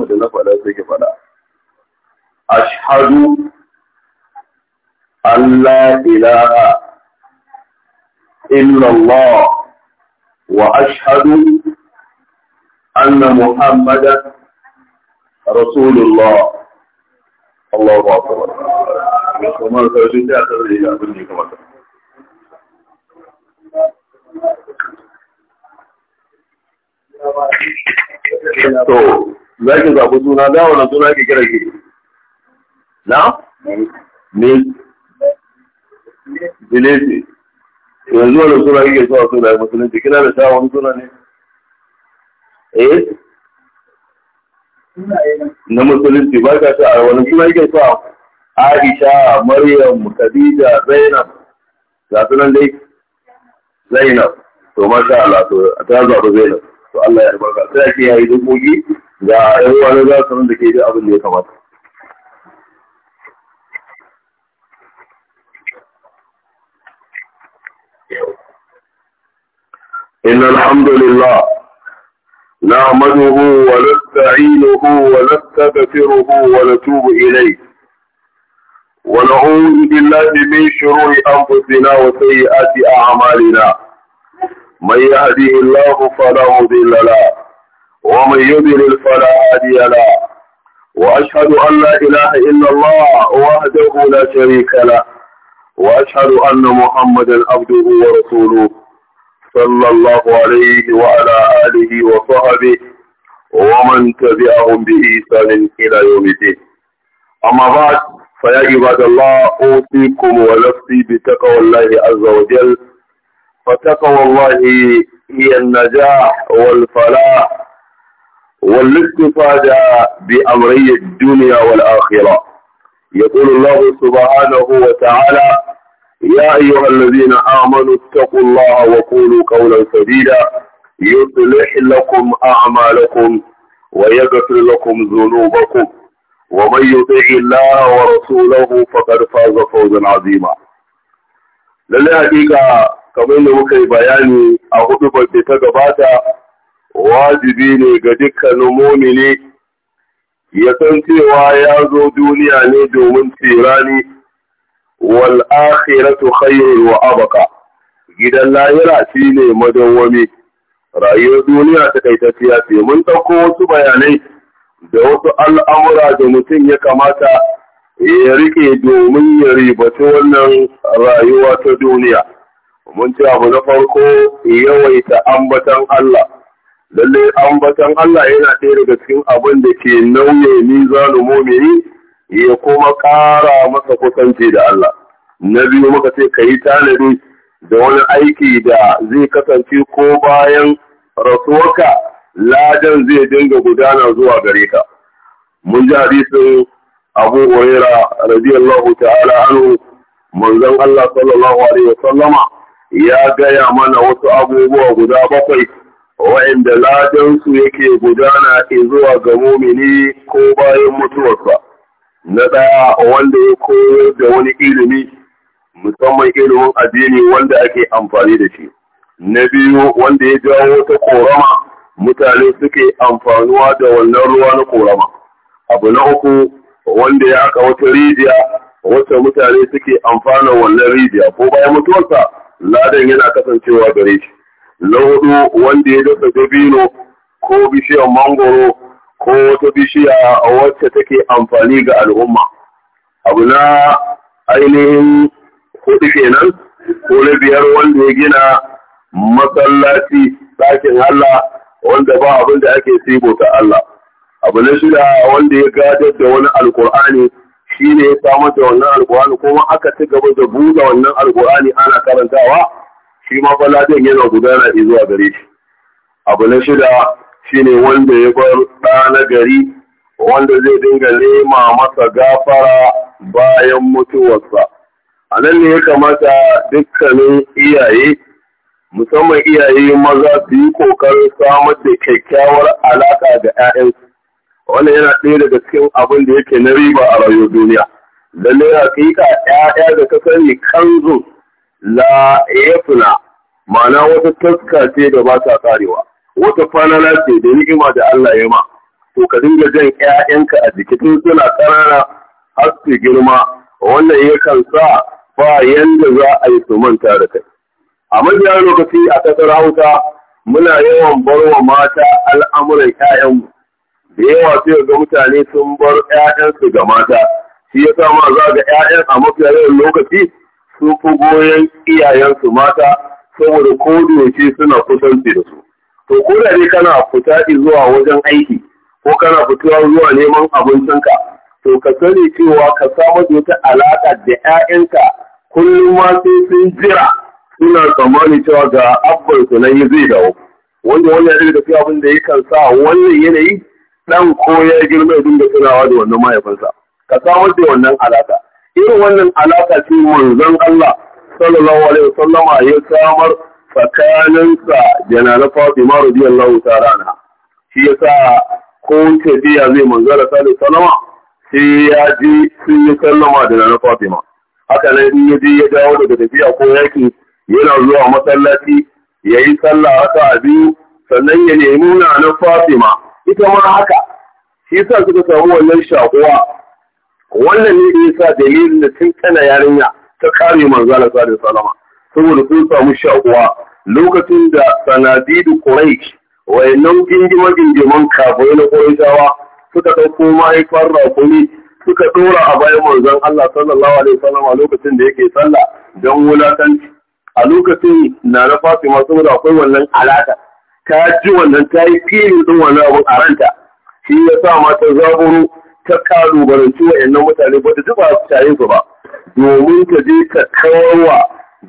kalmar da na faɗa sai ki faɗa ashhadu Allah ilaha illallah wa ashhadu anna muhammadan rasulullah Allahu akbar kuma sai ta tsare abin da ya kamata to za ki zaɓi suna za wani suna ke kira ki na? ne bilesi yanzu wani suna kike so a suna musulunci kina da sha suna ne eh na musulunci ba ka sha wani suna kike so Aisha Maryam Khadija Zainab ga sunan dai Zainab to masha Allah to ta zaɓi Zainab Allah ya albarka sai ake yayi dokoki ga yan uwa za su da ke da abin da ya kamata إن الحمد لله نعمده ونستعينه ونستغفره ونتوب إليه ونعوذ بالله من شرور أنفسنا وسيئات أعمالنا من يهديه الله فلا مضل له ومن يضلل فلا هادي له وأشهد أن لا إله إلا الله وحده لا شريك له وأشهد أن محمدا عبده ورسوله صلى الله عليه وعلى آله وصحبه ومن تبعهم بإحسان إلى يوم الدين أما بعد فيا عباد الله أوصيكم ونفسي بتقوى الله عز وجل فتقوى الله هي النجاح والفلاح والاستفادة بأمري الدنيا والآخرة يقول الله سبحانه وتعالى يا أيها الذين آمنوا اتقوا الله وقولوا قولا سديدا يصلح لكم أعمالكم ويغفر لكم ذنوبكم ومن يطع الله ورسوله فقد فاز فوزا عظيما لله حقيقة kamar da muka yi bayani a hudu da ta gabata wajibi ne ga dukkanin momini ya san cewa ya zo duniya ne domin tirani wal akhiratu khairun wa abaka gidan lahira shi ne madawwami rayuwar duniya ta kai tafiya ce mun ɗauko wasu bayanai da wasu al'amura da mutum ya kamata ya rike domin ya ribata wannan rayuwa ta duniya. mun ce abu na farko yawaita ambatan Allah lalle ambatan Allah yana ɗaya daga cikin abin da ke nauye mizanu mumini ya kuma ƙara masa kusanci da Allah na biyu muka ce ka yi tanadi da wani aiki da zai kasance ko bayan rasuwarka ladan zai dinga gudana zuwa gare ka mun ji hadisin Abu Hurairah radiyallahu ta'ala anhu manzon Allah sallallahu alaihi wa sallama ya gaya mana wasu abubuwa guda bakwai wa'inda ladansu yake gudana zuwa ga mumini ko bayan mutuwarsa. Na ɗaya wanda ya koyar da wani ilimi, musamman ilimin addini wanda ake amfani da shi. Na biyu wanda ya jawo ta korama, mutane suke amfanuwa da wannan ruwa na korama. Abu na uku wanda ya aka wata rijiya wacce mutane suke amfana wannan rijiya ko bayan mutuwarsa ladan yana kasancewa gare shi na hudu wanda ya dasa dabino ko bishiyar mangoro ko wata bishiya wacce take amfani ga al'umma abu na ainihin hudu kenan ko na biyar wanda ya gina masallaci ɗakin Allah wanda ba abin da ake sibo ta Allah abu na shida wanda ya gadar da wani alkur'ani shi ne ya samar da wannan alkur'ani kuma aka ci gaba da buɗe wannan alkur'ani ana karantawa shi ma faladin yana gudana zuwa gare shi abu na shida shine wanda ya bar ɗa na gari wanda zai dinga nema masa gafara bayan mutuwarsa a nan ne ya kamata dukkanin iyaye musamman iyaye maza su yi kokarin samar da kyakkyawar alaƙa ga 'ya'yansu wannan yana ɗaya daga cikin abin da yake na riba a rayuwar duniya a hakika ƴaƴa da ka sani kanzu la yafna ma'ana wata taska ce da ba ta karewa wata fanana ce da ni'ima da Allah ya ma to ka dinga jan ƴaƴanka a tun suna ƙarara har su girma wannan yakan sa ba yanda za a yi su manta da kai a mafiya lokaci a ƙasar Hausa muna yawan barwa mata al'amuran ƴaƴanmu da yawa sai ga mutane sun bar ‘ya'yansu ga mata shi ya sa ma za ga ‘ya'yan a mafi yawan lokaci sun fi goyon iyayensu mata saboda ko yaushe suna kusanci da su to ko da ne kana fita zuwa wajen aiki ko kana fitowa zuwa neman abincinka to ka sani cewa ka samar da wata alaƙa da ‘ya'yanka kullum ma sai sun jira suna tsammani cewa ga abbansu na yi zai dawo wanda wannan daga tafiya abin da yakan sa wannan yanayi dan ko ya girma ya dinga tunawa da wannan mahaifinsa ka samar da wannan alaka irin wannan alaka ce manzon Allah sallallahu alaihi wasallam ya samar tsakaninsa da na Fatima radiyallahu ta'ala anha shi yasa ko ce biya zai manzara sallallahu alaihi sai ya ji sun yi sallama da na Fatima haka nan in ya ya dawo daga tafiya ko yaki yana zuwa masallaci ya yi sallah haka a biyu sannan ya nemi na Fatima ita ma haka shi sa suka samu wannan shakuwa wannan ne da yasa dalilin da tun tana yarinya ta kare manzo Allah sallallahu alaihi saboda sun samu shakuwa lokacin da sanadidu quraish wayannan gingima gingiman kafirai na qurayshawa suka dauko mahaifar rakuni suka dora a bayan manzon Allah sallallahu alaihi wasallam a lokacin da yake sallah don wulatanci a lokacin na na Fatima saboda akwai wannan alaka ta ji wannan ta yi filin ɗin wannan abin a ranta shi ya sa zaburu ta zaburo ta cewa 'yannan mutane ba ta ji su tare su ba domin ta je ta kawarwa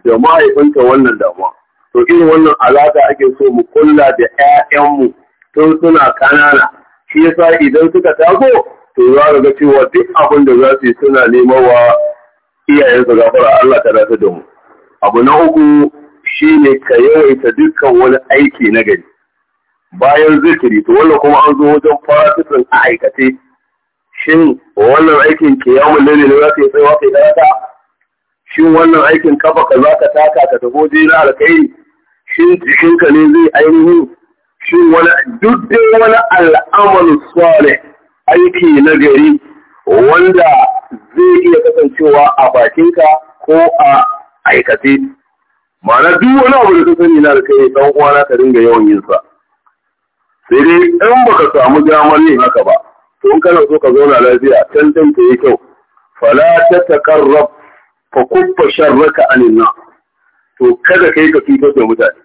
da mahaifinta wannan damuwa to irin wannan alaka ake so mu kulla da 'ya'yanmu tun suna kanana shi ya sa idan suka taso to za ga cewa duk abin da za su yi suna neman wa iyayensa gafara Allah ta dace da mu abu na uku shine ka yawaita dukkan wani aiki na gari bayan zikiri to wannan kuma an zo wajen fara fasikin a aikace shin wannan aikin yawon lalle ne za ka yi tsayawa kai da shin wannan aikin kafa ka za ka taka ka tafi waje na kai? shin jikinka ne zai ainihi shin wani duk dai wani al'amalin salih aiki na gari wanda zai iya kasancewa a bakinka ko a aikace ma'ana duk wani abu da ka sani na da kai dan uwana ka dinga yawan yin sa sai dai in baka samu damar yin haka ba to in kana so ka zauna lafiya can can ka yi kyau fala ta takarrab fa kuffa sharraka a to kada kai ka fito da mutane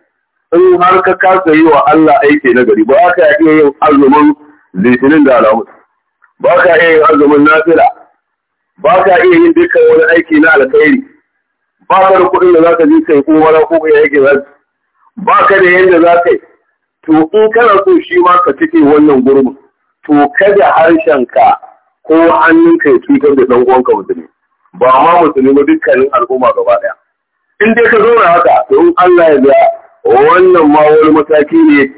in har ka kasa yi wa Allah aiki na gari ba ka iya yin azumin litinin da alamus ba ka iya yin azumin nafila ba ka iya yin dukkan wani aiki na alkhairi ba ka da kuɗin da za ka je kai ko wani ko kai ba ka da yadda za ka yi to in kana so shi ma ka cike wannan gurbin to kada harshenka ko hannunka ya cutar da ɗan uwanka musulmi ba ma musulmi ba dukkanin al'umma gaba ɗaya in dai ka zauna haka to in Allah ya biya wannan ma wani mataki ne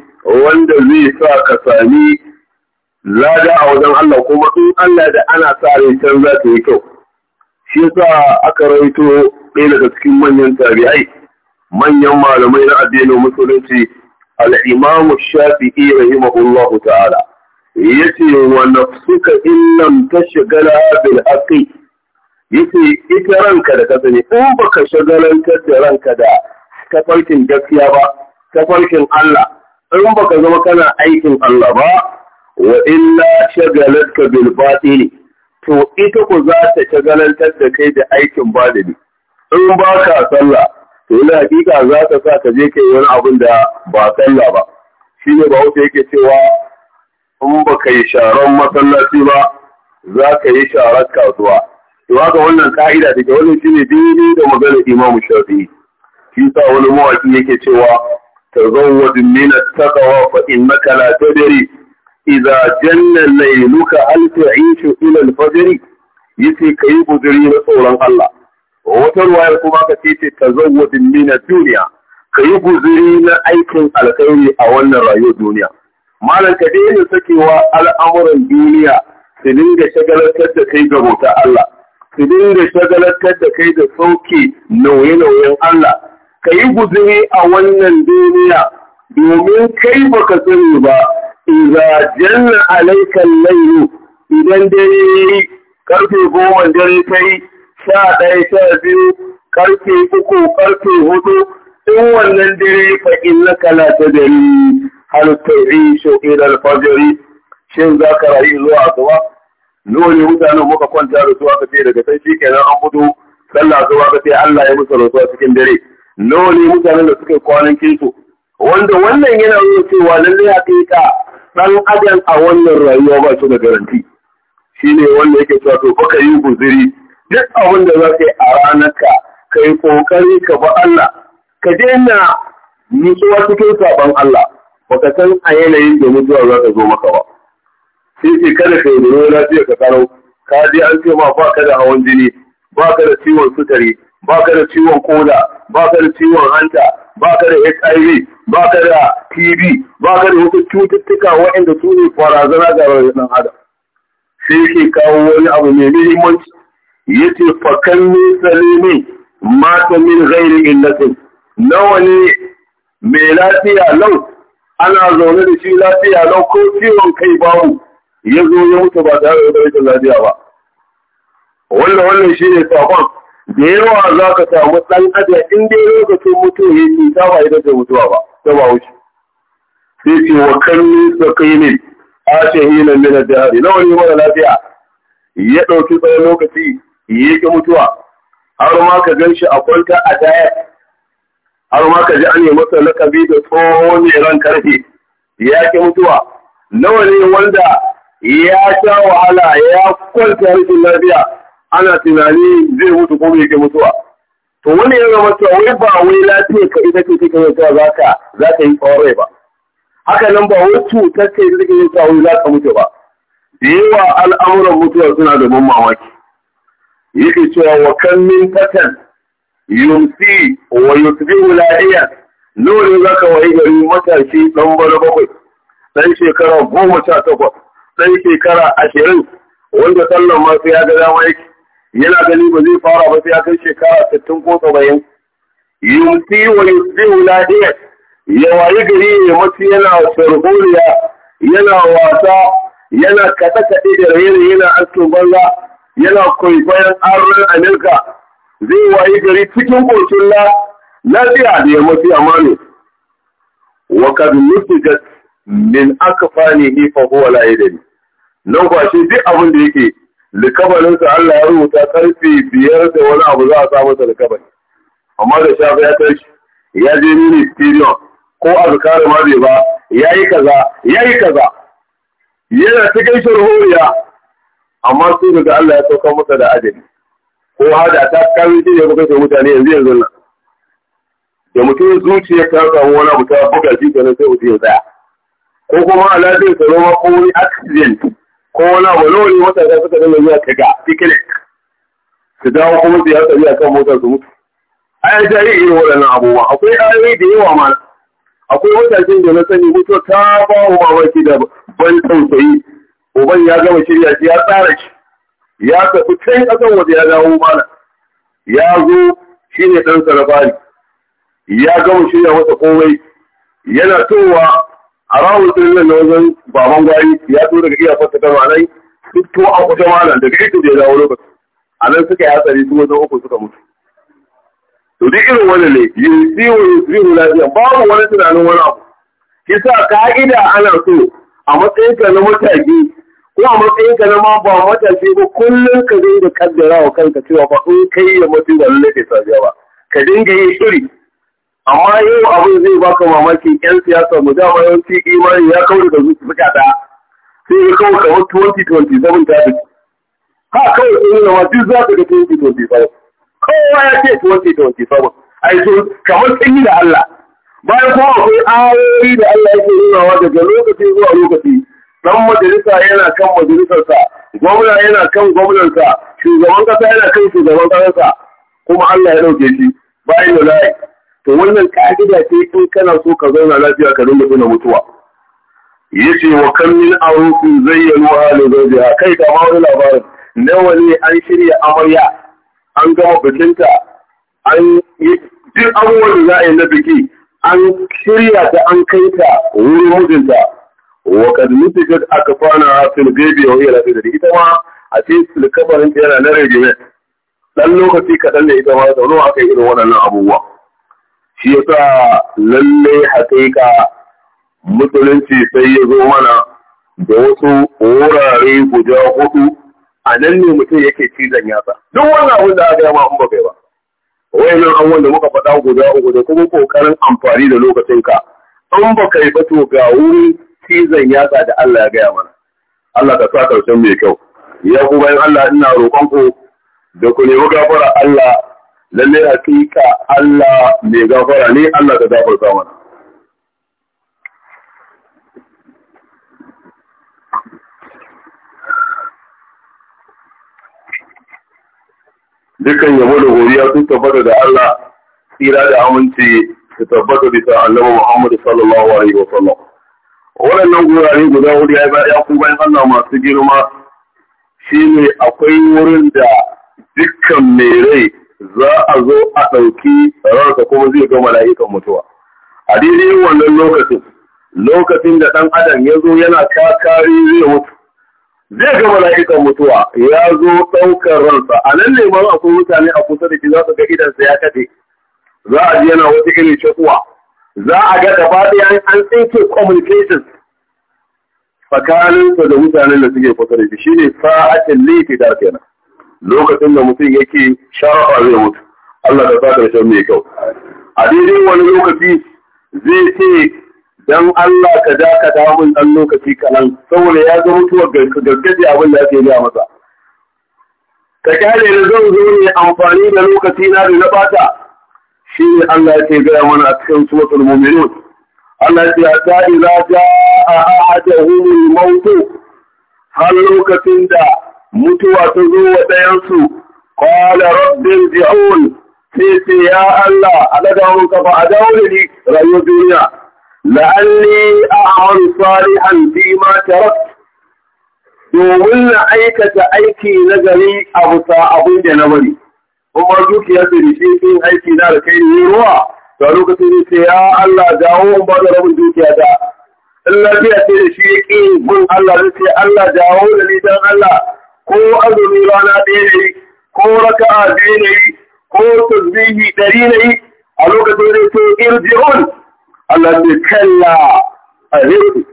wanda zai sa ka sami lada a wajen Allah kuma in Allah da ana sa rai can za ta yi kyau shi yasa aka raito ɗaya daga cikin manyan tabi'ai manyan malamai na addinin musulunci al-imam shafi'i rahimahullahu ta'ala yace wa nafsuka in lam tashghala bil aqi yace ita ranka da ka sani in baka shagalantar da ranka da tafarkin gaskiya ba tafarkin Allah in baka zama kana aikin Allah ba wa illa shagalatka bil batili to ita ku za ta shagalantar da kai da aikin badali in baka sallah to hakika za ka sa ka je kai wani abin da ba sallah ba shi ne ba wuce yake cewa in ba ka yi sharon masallaci ba za ka yi sharar kasuwa to haka wannan ka'ida daga wannan shi ne daidai da maganar imamu shafi. shi sa wani mawaki yake cewa ta تزود dare? Iza فإنك na yi إذا جل ليلك هل تعيش Yake ka yi كي na tsoron Allah. wata ruwayar kuma ka ce ce tazawwadin min duniya ka yi guzuri na aikin alkhairi a wannan rayuwar duniya malam ka daina sakewa al'amuran duniya su dinga shagalantar da kai ga bautar Allah su dinga shagalantar da kai da sauke nauye-nauyen Allah ka yi guzuri a wannan duniya domin kai baka sani ba idza janna alaika layu idan idan dare yi karfe goma dare ta yi. sha ɗaya sha biyu karfe uku karfe hudu in wannan dare fa inna kala ta dari hal ta'ishu ila al-fajr shin za ka rayu zuwa asuba dole mutanen muka kwanta da zuwa aka ce daga sai shikenan an gudu sallah zuwa aka Allah ya musu rasuwa cikin dare dole mutanen da suka kwanan kinsu wanda wannan yana nuna cewa lalle hakika dan adam a wannan rayuwa ba su da garanti shine wanda yake cewa to baka yi guziri duk abin da za ka yi a ranar ka ka yi ƙoƙari ka bi Allah ka daina nutsuwa cikin sabon Allah ba ka san a yanayin da mutuwa za ta zo maka ba sai ce kada ka yi dole lafiya ka tsaro ka je an ce ma ba ka da hawan jini ba ka da ciwon sukari ba ka da ciwon koda ba ka da ciwon hanta ba ka da HIV ba ka da TB ba ka da wasu cututtuka waɗanda su ne barazana ga rayuwar adam sai ke kawo wani abu mai muhimmanci yace fa kalli salimi ta min ghairi illatin nawa ne mai lafiya lau ana zaune da shi lafiya lau ko ciwon kai babu ya zo ya mutu ba tare da rashin lafiya ba wannan wannan shi ne sakon da yawa za ka samu ɗan adam in dai lokacin mutu ya ci ta ba idan da mutuwa ba ta ba wuce sai ce wa kalli ne? a shahinan min al-jihadi nawa ne mara lafiya ya ɗauki tsawon lokaci yi ke mutuwa har ma ka gan shi a kwanta a daya har ma ka ji an yi masa lakabi da tsohon mai ran karfe ya ke mutuwa nawa ne wanda ya sha wahala ya kwanta rashin lafiya ana tunani zai mutu ko bai ke mutuwa to wani ya zama cewa wai ba wai lafiya ka ita ce take mutuwa za ka za ka yi tsawarai ba haka nan ba wai cutar ce take yin sa wai za ka mutu ba da yawa al'amuran mutuwa suna da mamaki yake cewa wa kan min fatan yumsi wa yusbihu ulaiya nore zaka wayi gari matashi dan bara bakwai sai shekara goma sha takwas sai shekara ashirin wanda sallan ma sai ya ga dama yake yana gani ba zai fara ba sai ya kai shekara 60 ko 70 yumsi wa yusbihu ulaiya ya wai gari ya mace yana sarholiya yana wasa yana kaɗe-kaɗe da raye yana na askin banza yana kwaikwayon arunan Amerika zai wayi gari cikin ƙoshin lafiya da ya mafi amanu. Wa kad nufijat min akfanihi fa huwa la yadri. Nan ba shi duk abin da yake likabalinsa Allah ya rubuta karfe biyar da wani abu za a sa masa Amma da shafi ya tashi ya je mini stadium ko azkar ma bai ba yayi kaza yayi kaza yana cikin shirhuriya amma su daga Allah ya sauka masa da ajali ko hada ta kawai shi ya muka ce mutane yanzu yanzu nan da mutum zuciya ta samu wani abu ta buga shi kenan sai mutum ya tsaya ko kuma a lafiyar tsaro ma ko wani accident ko wani abu nawa ne ta suka dinga zuwa kaga picnic su dawo kuma su yasa a kan motar su mutu ai ta yi irin waɗannan abubuwa akwai ayoyi da yawa ma akwai wata jin da na sani mutu ta ba mu mamaki da ban tausayi uban ya gama shirya shi ya tsara shi ya tafi kai ƙasan waje ya dawo mana ya zo shi ne ɗan sarabari, ya gama shirya masa komai yana towa a rawun sirrin na wajen baban gwari ya zo daga iyakar ta gama nan duk to a kusa mana daga ita da ya dawo lokaci a nan suka yi hatsari su wajen uku suka mutu to duk irin wani ne yi yi yusiru lafiya babu wani tunanin wani abu kisa ka'ida ana so a matsayinka na mataki ina matsayin ka na ma ba matashi ba kullum ka dinga kaddara wa kanka cewa ba in kai ya mutu da lalle bai sabiya ba ka dinga yin shiri amma yau abin zai baka mamaki yan siyasa mu yau cikin imani ya kawo da zuci suka da sai ya kawo kamar 2027 ta da ha kawai in nama duk za ka ga 2027 kowa ya ce 2027 ai to kamar sun yi da Allah bayan kuma akwai ayoyi da Allah yake wa daga lokaci zuwa lokaci dan majalisa yana kan majalisarsa gwamna yana kan gwamnansa shugaban kasa yana kan shugaban kasarsa kuma Allah ya dauke shi bayan da lai to wannan ka'ida ce in kana so ka zauna lafiya ka dinga tuna mutuwa yace wa kan min arufin zayyanu halu zawjiha kai da ma wani labarin nawa ne an shirya amarya an gama bikinta an duk abubuwan da za a yi na biki an shirya ta an kai ta wurin mijinta wa kad mutikat akfana fil ghaibi a hiya la ita ma a ce yana na regiment dan lokaci kaɗan da ita ma da nawa aka yi irin waɗannan abubuwa shi yasa lalle haƙiƙa musulunci sai ya zo mana da wasu wurare guda hudu a nan ne mutum yake cizon yasa duk wannan abin da aka yi ma ba kai ba wayannan an wanda muka faɗa guda uku da kuma kokarin amfani da lokacinka an baka kai ba to ga wuri cizon yatsa da Allah ya gaya mana Allah ka sa karshen mai kyau ya ku yin Allah ina roƙon ku da ku nemi gafara Allah lalle hakika Allah mai gafara ne Allah ka gafarta mana dukkan yabo da godiya sun tabbata da Allah tsira da aminci su tabbata bisa annabi Muhammad sallallahu alaihi wa sallam waɗannan gurare guda hudu ya ya kuma Allah masu girma shine akwai wurin da dukkan mai rai za a zo a ɗauki ransa kuma zai ga mala'ikan mutuwa a daidai wannan lokacin lokacin da ɗan adam ya zo yana kakari zai mutu zai ga mala'ikan mutuwa ya zo ɗaukar ransa a nan ne ma akwai mutane a kusa da shi za su ga idansa ya kaɗe za a ji yana wata irin shakuwa za a ga gaba yayin an tsinke communication. tsakaninsa da mutanen da suke kusa da shi shine sa'atin da kenan lokacin da mutum yake sharafa zai mutu Allah da sa karshen mai kyau a daidai wani lokaci zai ce dan Allah ka dakata mun dan lokaci kalan saboda ya zo mutuwar gaggaji abin da ake yi masa ka kyale da zan zo ne amfani da lokaci na da na bata shi Allah ya ce gaya mana a cikin suratul mu'minun Allah ya ce ja a jaa ahaduhumul maut har lokacin da mutuwa ta zo wa ɗayan su qala rabbil ji'un sai ce ya Allah aladahu ka fa adawli rayuwar duniya la'alli a'mal salihan fi ma taraktu domin na aikata aiki na gari a bisa abin da na bari kuma dukiya da rike aiki na da kai ne ruwa to lokacin ne sai ya Allah jawo in ba da rabin dukiya ta in lafiya ce da shi yake gun Allah zai ce Allah jawo da ni dan Allah ko azumi rana ɗaya ne ko raka'a ɗaya ne ko tasbihi ɗari ne a lokacin ne sai irji'un Allah zai kalla a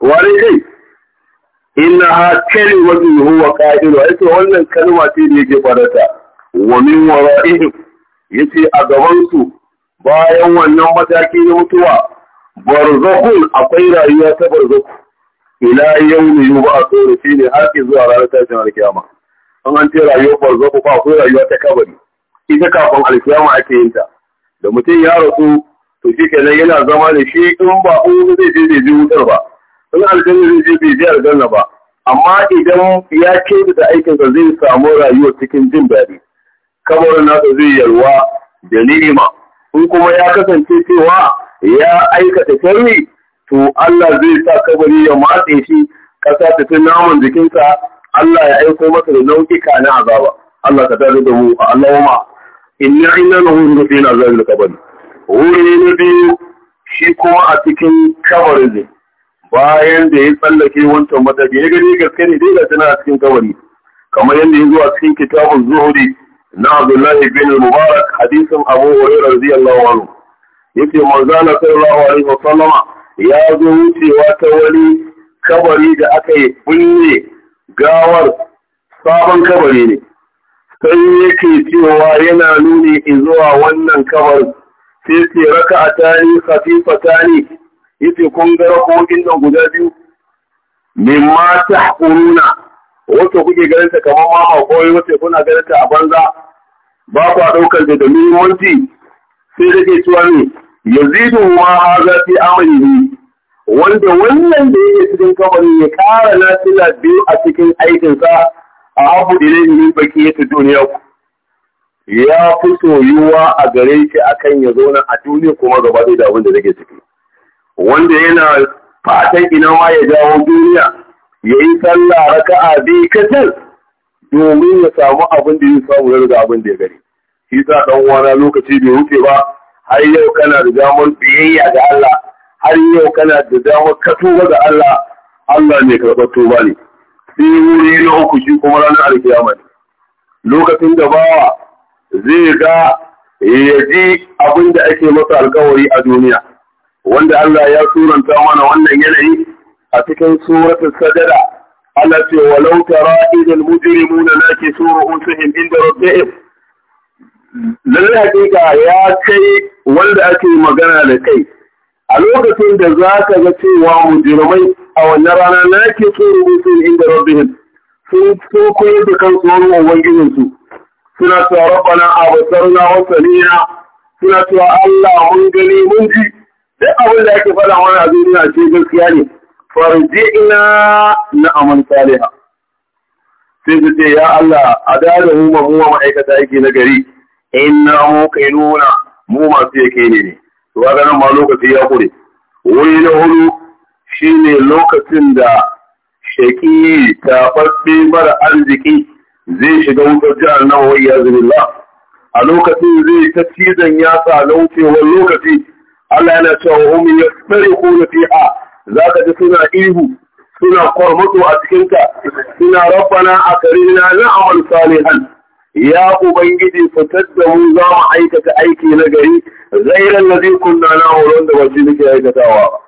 wani kai innaha kalimatu huwa qa'ilu ita wannan kalma ce da yake farata wa min ya yace a gaban bayan wannan mataki na mutuwa barzakhun akwai rayuwa ta barzakhu ila yawmi yub'athun shine har zuwa ranar tashin alkiyama an an ce rayuwar barzakhu ba akwai rayuwa ta kabari ita kafin alkiyama ake yin ta da mutum ya rasu to shi kenan yana zama da shi in ba in zai je bai je wutar ba in aljanna zai je bai je aljanna ba amma idan ya ce da aikinsa zai samu rayuwa cikin jin daɗi na nasa zai yalwa da ni'ima in kuma ya kasance cewa ya aikata sharri to Allah zai sa kabari ya matse shi kasa ta fi naman jikinsa Allah ya aiko masa da nau'ika na azaba Allah ka tare da mu a Allahumma inna inna na huru zalil na kabari wuri na biyu shi kuma a cikin kabarin ne bayan da ya tsallake wancan mataki ya gani gaske ne dai ga tana a cikin kabari kamar yadda ya zo a cikin kitabun zuhuri na Abdullahi bin Mubarak hadisin Abu Hurairah radiyallahu anhu yace manzana sallallahu alaihi wasallam ya zo wucewa ta wani kabari da aka yi binne gawar sabon kabari ne sai yake cewa yana nuni zuwa wannan kabarin sai ce raka a tani safifa tani yace kun ga rakokin nan guda biyu mimma tahquruna wato kuke ganin ta kamar mama ko wacce kuna ganin ta a banza ba ku daukar da da muhimmanci sai da ke cewa ne yazidu ma haza fi wanda wannan da yake cikin kamarin ya kara lafiya biyu a cikin aikinsa a abu da ilayhi baki ta duniya ya fi soyuwa a gare shi akan ya zauna a duniya kuma gaba da abin da ciki wanda yana fatan ina ma ya jawo duniya ya yi sallah raka'a bi kacal domin ya samu abin da ya samu ya riga abin da ya gari. shi sa dan uwana lokaci bai wuce ba har yau kana da damar biyayya ga Allah har yau kana da damar katuwa ga Allah Allah ne karɓar tuba ne sai wuri na uku shi kuma ranar alkiyama ne lokacin da bawa zai ga ya ji abin da ake masa alkawari a duniya wanda Allah ya suranta mana wannan yanayi a cikin suratul sajada Allah ce walau tara idil mujrimuna nakisu ru'usihim inda rabbihim lalle hakika ya kai wanda ake magana da kai a lokacin da za ka ga cewa mujrimai a wannan rana nakisu ru'usihim inda rabbihim sun sun koyar da kansu wani ubangijinsu suna cewa rabbana abasarna wa sami'na suna cewa Allah mun gani mun ji duk abin da yake faɗa wani a duniya ce gaskiya ne farji'na na amal saliha sai su ce ya Allah a dada mu ma mu ma'aikata yake na gari inna muqinuna mu masu yake ne ne to ga nan ma lokaci ya kure wuri na hudu shine lokacin da shaki taɓaɓɓe mara arziki zai shiga wutar jihar nawa wa iyazu a lokacin zai ta cizon yatsa laukewar lokaci Allah yana cewa hum ko fiha za ka ji suna ihu suna kwarmato a cikinta suna rabbana a karina na amal salihan ya ubangiji fitar da mu za mu aikata aiki na gari zairan na zai kunna na horon da ba shi aikatawa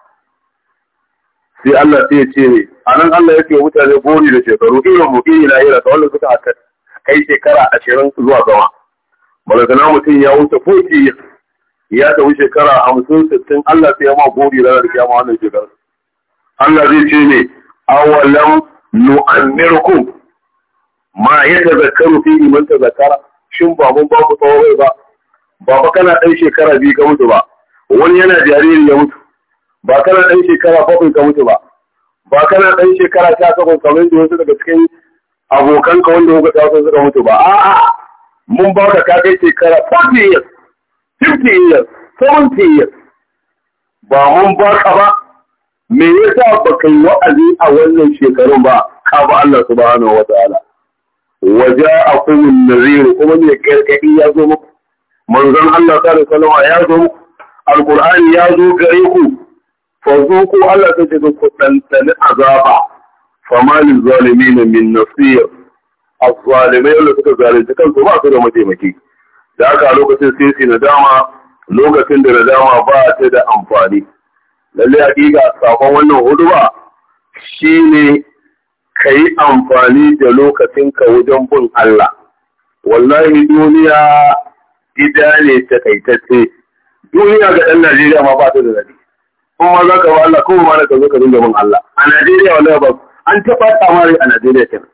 sai Allah sai ce ne a nan Allah ya ce mutane gori da shekaru irin mu iri na ira wanda suka haka kai shekara ashirin zuwa gama balagana mutum ya wuce foki ya tafi shekara hamsin sittin Allah sai ya ma gori ranar kiyama wannan shekarar Allah zai ce ne awalam nu'ammirkum ma zakaru fi ta Zakara. shin ba mun ba ku tsawai ba ba ba kana dan shekara biyu ka mutu ba wani yana jariri ya mutu ba kana dan shekara bakwai ka mutu ba ba kana dan shekara ta takwas kamar yadda wasu daga cikin abokan ka wanda kuka taso suka mutu ba a'a mun ba ka kai shekara 40 years 50 years 70 years ba mun ba ka ba me yasa ba kai wa'azi a wannan shekarun ba ka ba Allah subhanahu wa ta'ala waja akumun naziru kuma ne karkadi ya zo muku manzon Allah sallallahu alaihi wasallam ya zo muku alqur'ani ya zo gare ku fa zuku Allah ta ce ku dantani azaba fama lil zalimin min nasir azzalimai wanda suka zalunci kansu ba su da mataimaki da haka lokacin sai su nadama lokacin da nadama ba ta da amfani lalle hakika sakon wannan huduba shine ka yi amfani da lokacinka wajen bin Allah wallahi duniya gida ne ta takaitacce duniya ga ɗan Najeriya ma ba ta da daɗi kuma za ka ba Allah kuma ma da ka zo ka dinga bin Allah a Najeriya wallahi ba an taɓa tsamari a Najeriya kenan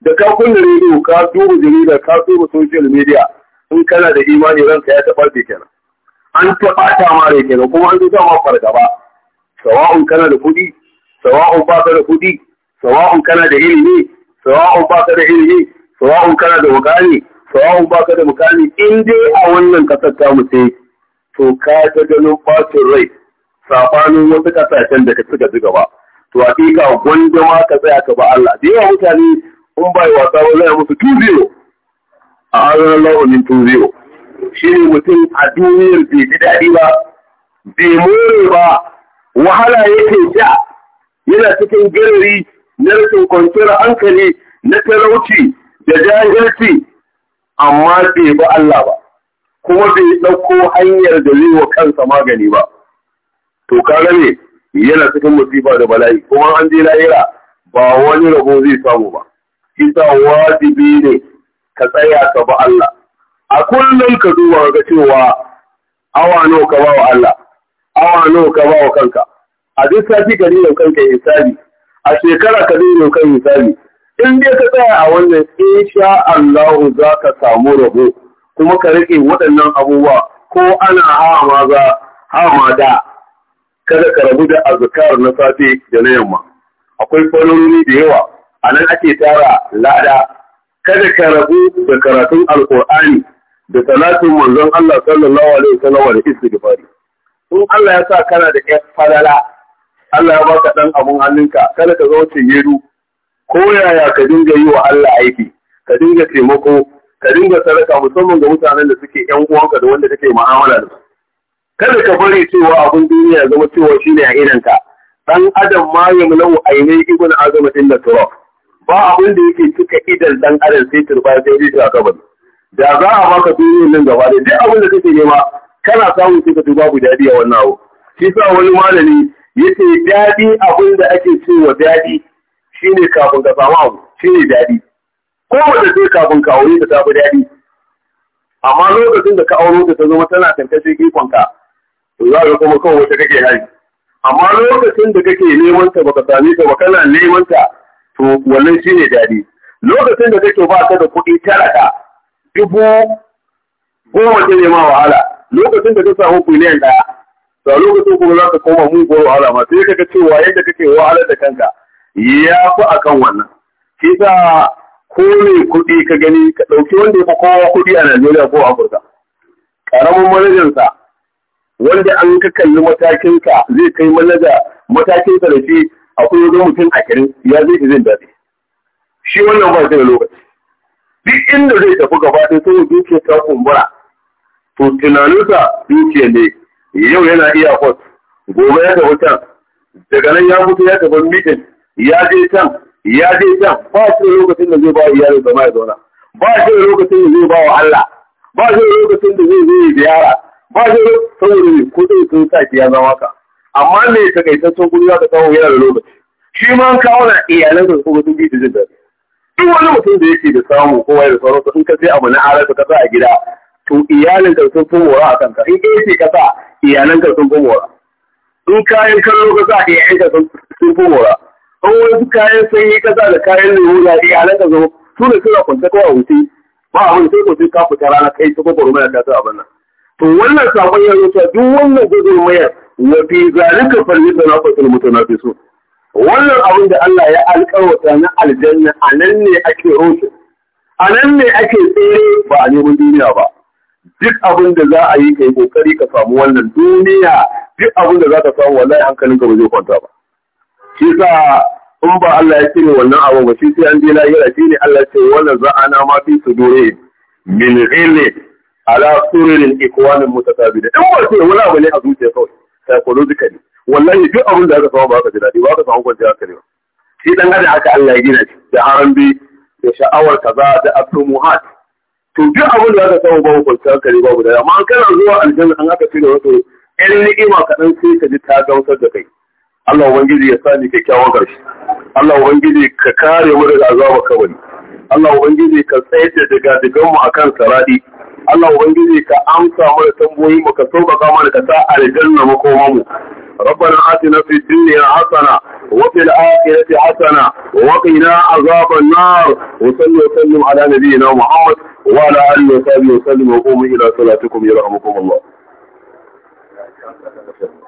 da ka kunna rediyo ka duba jarida ka duba social media in kana da imani ranka ya taɓa kenan an taɓa tsamari kenan kuma an zo ma fargaba sawa'un kana da kuɗi sawa'un baka da kuɗi sawa'un kana da ilimi sawa'un baka da ilimi sawa'un kana da mukami sawa'un baka da mukami in dai a wannan kasar ta mu sai to ka ta ganin bacin rai sabanin wasu kasashen da ka suka ci gaba to a gwanda ma ka tsaya ka ba Allah da yawa mutane in ba yi wasa ba zai musu 2-0 a ranar launin 2-0 shi ne mutum a duniyar bai ji daɗi ba bai more ba wahala yake ja yana cikin gari na rashin kwanciyar hankali na talauci da jahilci amma bai ba Allah ba kuma bai ɗauko hanyar da zai wa kansa magani ba to kaga ne yana cikin musiba da bala'i kuma an je lahira ba wani rabo zai samu ba kisa wajibi ne ka tsaya ka ba Allah a kullum ka duba ga cewa awa nawa ka ba wa Allah awa nawa ka ba wa kanka a duk sati ka dinga kanka hisabi a shekara ka dinga kan hisabi in dai ka tsaya a wannan insha Allah za ka samu rabo kuma ka rike waɗannan abubuwa ko ana hawa za, hawa da kada ka rabu da azkar na safe da na yamma akwai fanoni da yawa anan ake tara lada kada ka rabu da karatun Alƙur'ani da salatin manzon Allah sallallahu alaihi wasallam da istighfari in Allah ya sa kana da ƴan falala Allah ya baka ɗan abun hannunka kada ka zama yedu ko yaya ka dinga yi wa Allah aiki ka dinga taimako ka dinga sadaka musamman ga mutanen da suke ƴan uwanka da wanda kake mu'amala da su kada ka bari cewa abun duniya ya zama cewa shi ne a idanka Ɗan adam ma yamlau ainai ibn din da turab ba abin da yake cika idan ɗan adam sai turba sai rita kabari da za a baka duniyar nan gaba da duk abin da kake nema kana samu sai ka babu daɗi a wannan abu shi sa wani malami yace daɗi abin da ake wa daɗi shine kafin ka samu abu shine daɗi ko wanda sai kafin ka aure ka samu daɗi amma lokacin da ka auro ta zama tana tantance gefen ka to za ka kuma kawai wata kake hari amma lokacin da kake neman ta baka same ta ba kana neman ta to wannan shine daɗi lokacin da kake ba ka da kuɗi talaka dubu goma ta nema wahala lokacin da ka samu biliyan ɗaya da lokacin kuma za ka koma muguwar wahala ma sai ka ga cewa yadda kake wahalar da kanka ya fi kan wannan shi sa kone kuɗi ka gani ka ɗauki wanda ya fi kowa kuɗi a Najeriya ko Afirka ƙaramin manajansa wanda an ka kalli matakinka zai kai manaja matakinsa da shi akwai wajen mutum a kirin ya zai fi jin daɗi shi wannan ba shi da lokaci duk inda zai tafi gaba ɗaya sai dukiyar ta kumbura to tunaninsa dukiya ne yau yana iya kwas gobe ya tafi can daga nan ya mutu ya tafi mitin ya je can ya je can ba shi da lokacin da zai ba wa iyalin zama ya zauna ba shi da lokacin da zai ba wa Allah ba shi da lokacin da zai zai ziyara ba shi da saboda kudin sun sa shi ya zama ka amma me takaitaccen kudi za ka samu yana da lokaci shi ma kawo na iyalin da kuma sun bi da jin daɗi duk wani mutum da yake da samu kowa da sauransa in ka sai abu na halarta ka sa a gida to iyalin ka sun komora a kanka in AC ka sa iyalan ka sun komora in kayan kallo ka sa iyalan ka sun komora in wani kayan sanyi ka sa da kayan lemu da iyalan ka zo su ne suna kwanta ko a wuce ba abin sai ko sai ka fita rana kai ta kwakwaro mai da ta abin nan to wannan sabon yanzu ta duk wannan gudunmayar wa fi zalika farzi da na mutanafisu wannan abin da Allah ya alƙawarta na aljanna a nan ne ake rushe. a nan ne ake tsere ba a neman duniya ba duk abin da za a yi kai kokari ka samu wannan duniya duk abin da za ka samu wallahi hankalinka ba zai kwanta ba shi sa in ba Allah ya ni wannan abu ba shi sai an je lahira shi ne Allah ce wannan za'ana ma fi sudure min ilmi ala surin ikwanin mutasabida in ba sai wani abu ne a zuciya kawai psychologically wallahi duk abin da aka samu ba ka ji daɗi ba ka samu kwanciyar hankali ba shi dan adam haka Allah ya gina shi da harambe da sha'awar kaza da asumuhat to duk abin da za ka samu babu kwanciyar kare babu da amma kana zuwa aljanna an aka fi da wasu ƴan ni'ima kaɗan sai ka ji ta gamsar da kai Allah ubangiji ya sani kyakkyawan ƙarshe Allah ubangiji ka kare mu daga azabar kabari Allah ubangiji ka tsayar da daga digan mu akan saradi Allah ubangiji ka amsa mana tambayoyin mu ka sauƙaƙa mana ka sa aljanna makoma mu ربنا آتنا في الدنيا حسنة وفي الآخرة حسنة وقنا عذاب النار وصلي وسلم على نبينا محمد وعلى آله وصحبه وسلم وقوموا إلى صلاتكم يرحمكم الله